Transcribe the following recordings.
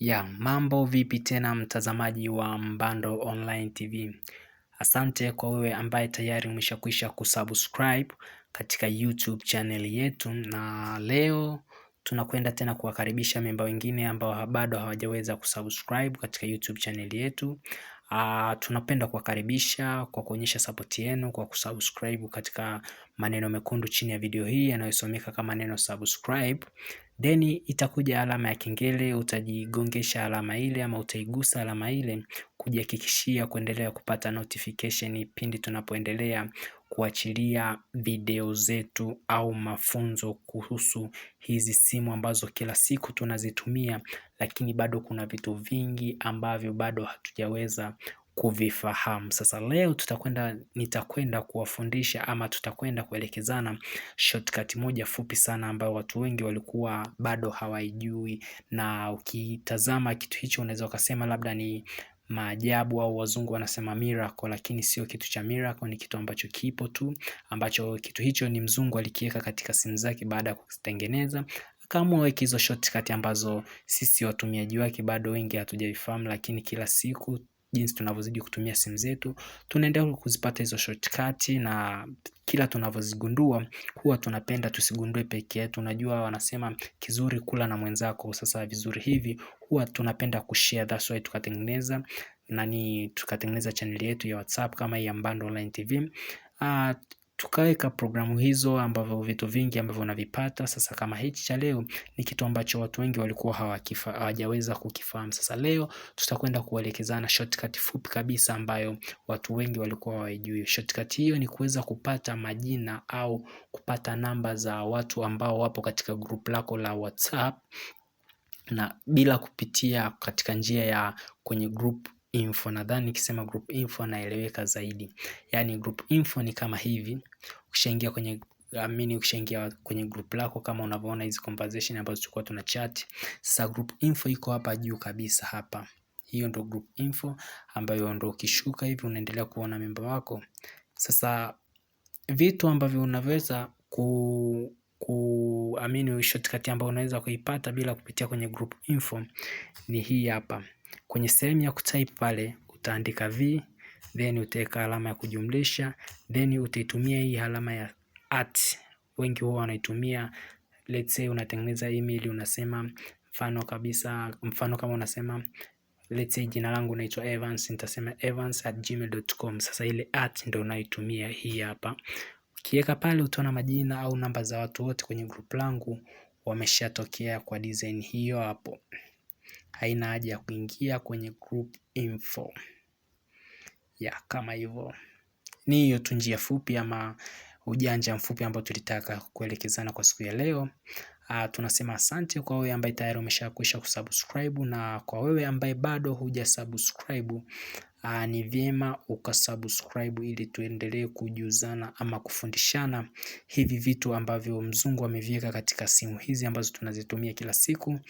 Ya mambo vipi tena mtazamaji wa Mbando Online TV. Asante kwa wewe ambaye tayari umeshakwisha kusubscribe katika YouTube channel yetu, na leo tunakwenda tena kuwakaribisha memba wengine ambao bado hawajaweza kusubscribe katika YouTube channel yetu. Uh, tunapenda kuwakaribisha kwa kuonyesha sapoti yenu kwa kusubscribe katika maneno mekundu chini ya video hii yanayosomeka kama neno subscribe, then itakuja alama ya kengele, utajigongesha alama ile ama utaigusa alama ile kujihakikishia kuendelea kupata notification pindi tunapoendelea kuachilia video zetu au mafunzo kuhusu hizi simu ambazo kila siku tunazitumia, lakini bado kuna vitu vingi ambavyo bado hatujaweza kuvifahamu. Sasa leo tutakwenda nitakwenda kuwafundisha ama tutakwenda kuelekezana shortcut moja fupi sana ambayo watu wengi walikuwa bado hawaijui, na ukitazama kitu hicho unaweza ukasema labda ni maajabu au wazungu wanasema miracle, lakini sio kitu cha miracle, ni kitu ambacho kipo tu, ambacho kitu hicho ni mzungu alikiweka katika simu zake baada ya kukitengeneza kama aweke hizo shortcut ambazo sisi watumiaji wake bado wengi hatujaifahamu, lakini kila siku jinsi tunavyozidi kutumia simu zetu, tunaendelea kuzipata hizo shortcut na kila tunavyozigundua huwa tunapenda tusigundue peke yetu. Unajua wanasema kizuri kula na mwenzako, sasa vizuri hivi huwa tunapenda kushare, that's why tukatengeneza nani tukatengeneza channel yetu ya WhatsApp kama hii ya Mbando Online TV. Ah, tukaweka programu hizo ambavyo vitu vingi ambavyo unavipata sasa kama hichi cha leo ni kitu ambacho watu wengi walikuwa hawajaweza kukifahamu. Sasa leo tutakwenda kuelekezana shortcut fupi kabisa ambayo watu wengi walikuwa hawajui. Shortcut hiyo ni kuweza kupata majina au kupata namba za watu ambao wapo katika group lako la WhatsApp na bila kupitia katika njia ya kwenye group info. Nadhani nikisema group info naeleweka zaidi. Yaani group info ni kama hivi. Ukishaingia kwenye amini ukishaingia kwenye group lako kama unavyoona hizi conversation ambazo tulikuwa tuna chat. Sasa group info iko hapa juu kabisa hapa. Hiyo ndo group info ambayo ndo ukishuka hivi unaendelea kuona memba wako. Sasa vitu ambavyo unaweza ku kuamini shortcut ambayo unaweza kuipata bila kupitia kwenye group info ni hii hapa. Kwenye sehemu ya kutype pale utaandika V then utaweka alama ya kujumlisha then utaitumia hii alama ya at. Wengi huwa wanaitumia let's say unatengeneza email unasema mfano kabisa mfano kama unasema let's say jina langu naitwa Evans nitasema evans@gmail.com. Sasa ile at ndio unaitumia hii hapa. Ukiweka pale utaona majina au namba za watu wote kwenye group langu wameshatokea kwa design hiyo hapo haina haja ya kuingia kwenye group info ya kama hivyo. Ni hiyo tu njia fupi ama ujanja mfupi ambao tulitaka kuelekezana kwa siku ya leo. Uh, tunasema asante kwa wewe ambaye tayari umeshakwisha kusubscribe na kwa wewe ambaye bado hujasubscribe uh, ni vyema ukasubscribe ili tuendelee kujuzana ama kufundishana hivi vitu ambavyo mzungu ameviweka katika simu hizi ambazo tunazitumia kila siku,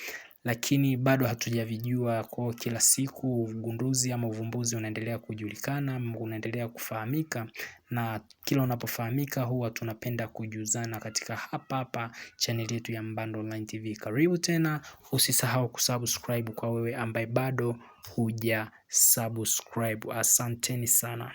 lakini bado hatujavijua kwa kila siku ugunduzi ama uvumbuzi unaendelea kujulikana, unaendelea kufahamika na kila unapofahamika huwa tunapenda kujuzana katika hapa hapa channel yetu ya Mbando Online TV. Karibu tena, usisahau kusubscribe kwa wewe ambaye bado huja subscribe. Asanteni sana.